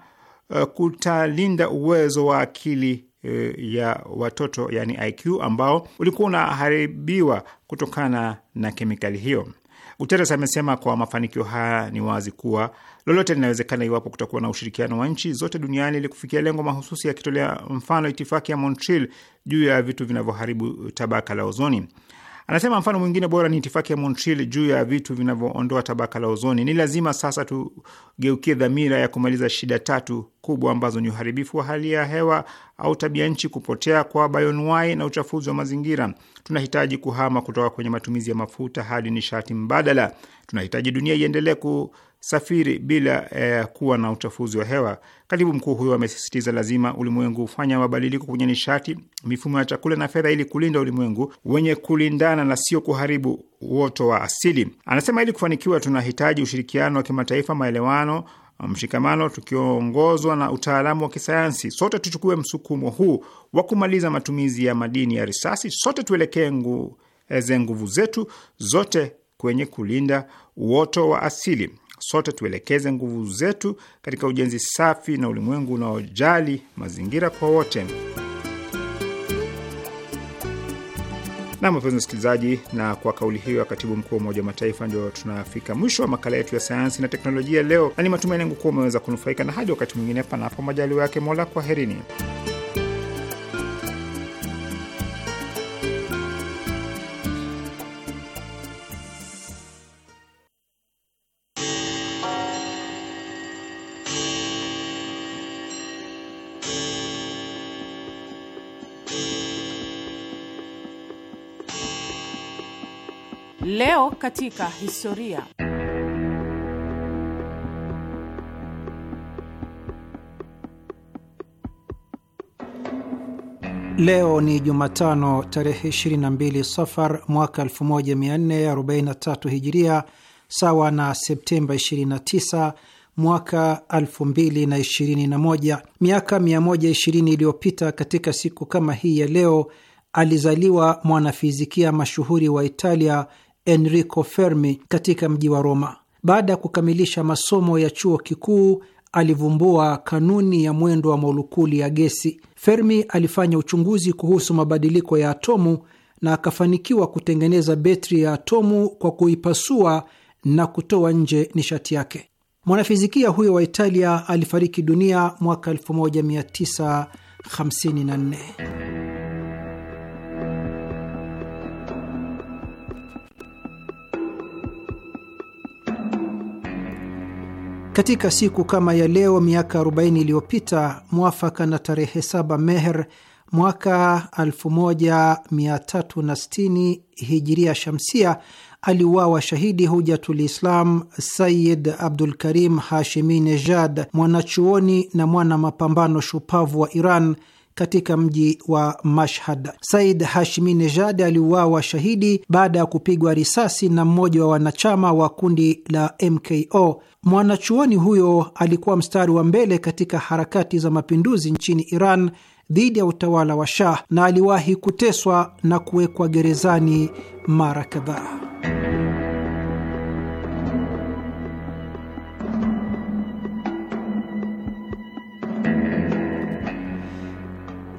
uh, kutalinda uwezo wa akili e, ya watoto yani IQ ambao ulikuwa unaharibiwa kutokana na kemikali hiyo. Guterres amesema kwa mafanikio haya ni wazi kuwa lolote linawezekana iwapo kutakuwa na ushirikiano wa nchi zote duniani ili kufikia lengo mahususi, akitolea mfano itifaki ya Montreal juu ya vitu vinavyoharibu tabaka la ozoni. Anasema mfano mwingine bora ni itifaki ya Montreal juu ya vitu vinavyoondoa tabaka la ozoni. Ni lazima sasa tugeukie dhamira ya kumaliza shida tatu kubwa ambazo ni uharibifu wa hali ya hewa au tabia nchi, kupotea kwa bayonwai na uchafuzi wa mazingira. Tunahitaji kuhama kutoka kwenye matumizi ya mafuta hadi nishati mbadala. Tunahitaji dunia iendelee ku safiri bila eh, kuwa na uchafuzi wa hewa. Katibu mkuu huyo amesisitiza lazima ulimwengu hufanya mabadiliko kwenye nishati, mifumo ya chakula na fedha ili kulinda ulimwengu wenye kulindana na sio kuharibu uoto wa asili. Anasema ili kufanikiwa, tunahitaji ushirikiano wa kimataifa, maelewano, mshikamano, tukiongozwa na utaalamu wa kisayansi. Sote tuchukue msukumo huu wa kumaliza matumizi ya madini ya risasi. Sote tuelekee eh, nguvu zetu zote kwenye kulinda uoto wa asili. Sote tuelekeze nguvu zetu katika ujenzi safi na ulimwengu unaojali mazingira kwa wote. Nam, wapenzi msikilizaji na kwa kauli hiyo ya katibu mkuu wa Umoja wa Mataifa, ndio tunafika mwisho wa makala yetu ya sayansi na teknolojia leo, na ni matumaini yangu kuwa umeweza kunufaika. Na hadi wakati mwingine, panapo majaliwa yake Mola, kwaherini. katika historia. Leo ni Jumatano tarehe 22 Safar mwaka 1443 Hijiria, sawa na Septemba 29 mwaka 2021. Miaka 120 iliyopita katika siku kama hii ya leo alizaliwa mwanafizikia mashuhuri wa Italia Enrico Fermi katika mji wa Roma. Baada ya kukamilisha masomo ya chuo kikuu, alivumbua kanuni ya mwendo wa molekuli ya gesi. Fermi alifanya uchunguzi kuhusu mabadiliko ya atomu na akafanikiwa kutengeneza betri ya atomu kwa kuipasua na kutoa nje nishati yake. Mwanafizikia huyo wa Italia alifariki dunia mwaka 1954. Katika siku kama ya leo miaka 40 iliyopita, mwafaka na tarehe 7 Meher mwaka 1360 hijiria shamsia, aliuawa shahidi Hujatul Islam Sayid Abdul Karim Hashimi Nejad, mwanachuoni na mwana mapambano shupavu wa Iran katika mji wa Mashhad. Said Hashimi Nejad aliuawa shahidi baada ya kupigwa risasi na mmoja wa wanachama wa kundi la MKO. Mwanachuoni huyo alikuwa mstari wa mbele katika harakati za mapinduzi nchini Iran dhidi ya utawala wa Shah na aliwahi kuteswa na kuwekwa gerezani mara kadhaa.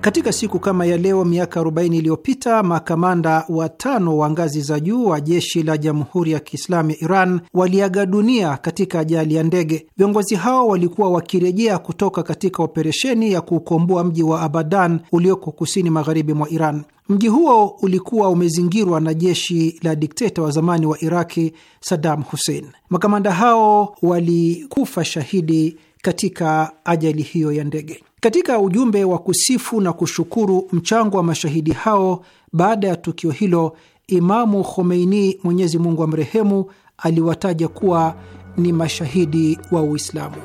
Katika siku kama ya leo miaka 40 iliyopita makamanda watano wa ngazi za juu wa jeshi la Jamhuri ya Kiislamu ya Iran waliaga dunia katika ajali ya ndege. Viongozi hao walikuwa wakirejea kutoka katika operesheni ya kuukomboa mji wa Abadan ulioko kusini magharibi mwa Iran. Mji huo ulikuwa umezingirwa na jeshi la dikteta wa zamani wa Iraki Saddam Hussein. Makamanda hao walikufa shahidi katika ajali hiyo ya ndege. Katika ujumbe wa kusifu na kushukuru mchango wa mashahidi hao baada ya tukio hilo, Imamu Khomeini, Mwenyezi Mungu amrehemu, aliwataja kuwa ni mashahidi wa Uislamu.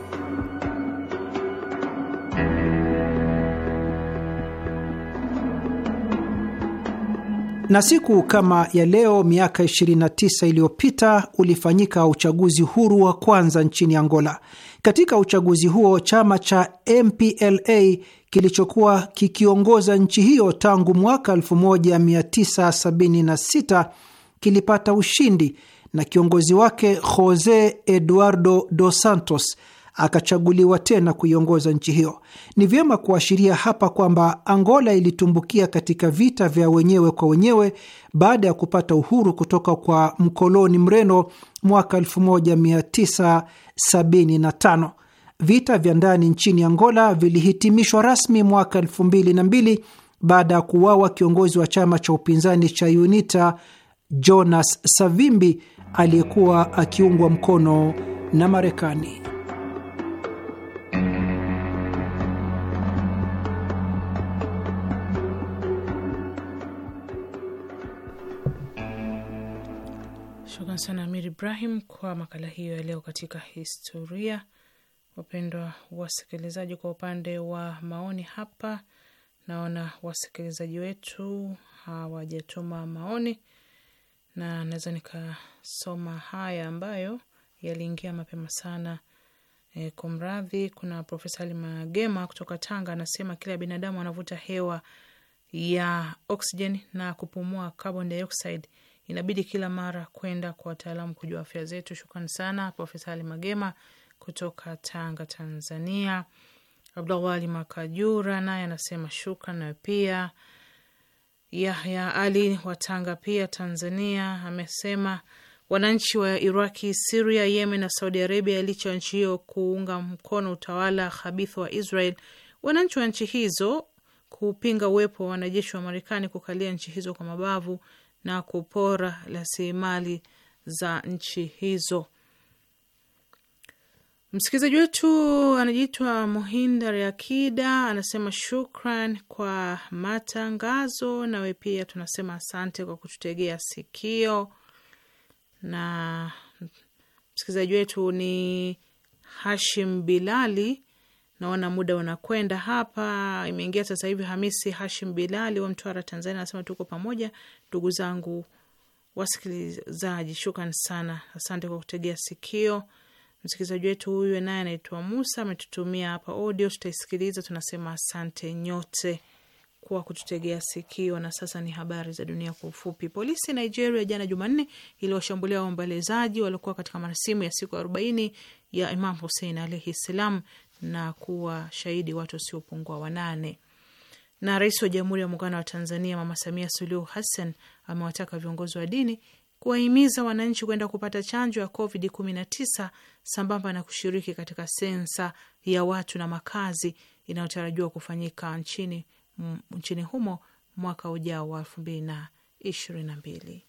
Na siku kama ya leo miaka 29 iliyopita ulifanyika uchaguzi huru wa kwanza nchini Angola. Katika uchaguzi huo chama cha MPLA kilichokuwa kikiongoza nchi hiyo tangu mwaka 1976 kilipata ushindi na kiongozi wake Jose Eduardo Dos Santos akachaguliwa tena kuiongoza nchi hiyo. Ni vyema kuashiria hapa kwamba Angola ilitumbukia katika vita vya wenyewe kwa wenyewe baada ya kupata uhuru kutoka kwa mkoloni Mreno mwaka 1975. Vita vya ndani nchini Angola vilihitimishwa rasmi mwaka 2002 baada ya kuuawa kiongozi wa chama cha upinzani cha UNITA Jonas Savimbi aliyekuwa akiungwa mkono na Marekani. Shukran sana Amir Ibrahim kwa makala hiyo ya leo katika historia. Wapendwa wasikilizaji, kwa upande wa maoni hapa naona wasikilizaji wetu hawajatuma maoni, na naweza nikasoma haya ambayo yaliingia mapema sana. E, kumradhi. Kuna Profesa Ali Magema kutoka Tanga anasema kila binadamu anavuta hewa ya oksijeni na kupumua carbon dioxide inabidi kila mara kwenda kwa wataalamu kujua afya zetu. Shukrani sana Profesa Ali Magema kutoka Tanga, Tanzania. Abdulwali Makajura naye anasema shukran. Nayo pia Yahya Ali wa Tanga pia Tanzania amesema wananchi wa Iraki, Siria, Yemen na Saudi Arabia, licha ya nchi hiyo kuunga mkono utawala habithi wa Israel, wananchi wa nchi hizo kupinga uwepo wa wanajeshi wa Marekani kukalia nchi hizo kwa mabavu na kupora rasilimali za nchi hizo. Msikilizaji wetu anajiitwa Muhinda Akida, anasema shukran kwa matangazo. Nawe pia tunasema asante kwa kututegea sikio. Na msikilizaji wetu ni Hashim Bilali Naona muda unakwenda hapa. Imeingia sasa hivi Hamisi Hashim Bilali wa Mtwara, Tanzania, anasema tuko pamoja ndugu zangu wasikilizaji. Shukran sana, asante kwa kutegea sikio. Msikilizaji wetu huyu naye anaitwa Musa, ametutumia hapa audio, tutaisikiliza. Tunasema asante nyote kwa kututegea sikio. Na sasa ni habari za dunia kwa ufupi. Polisi Nigeria jana Jumanne iliwashambulia waombolezaji waliokuwa katika marasimu ya siku arobaini ya Imam Husein alaihi ssalam na kuwa shahidi watu wasiopungua wanane. Na rais wa Jamhuri ya Muungano wa Tanzania Mama Samia Suluhu Hassan amewataka viongozi wa dini kuwahimiza wananchi kwenda kupata chanjo ya Covid 19 sambamba na kushiriki katika sensa ya watu na makazi inayotarajiwa kufanyika nchini, nchini humo mwaka ujao wa elfu mbili na ishirini na mbili.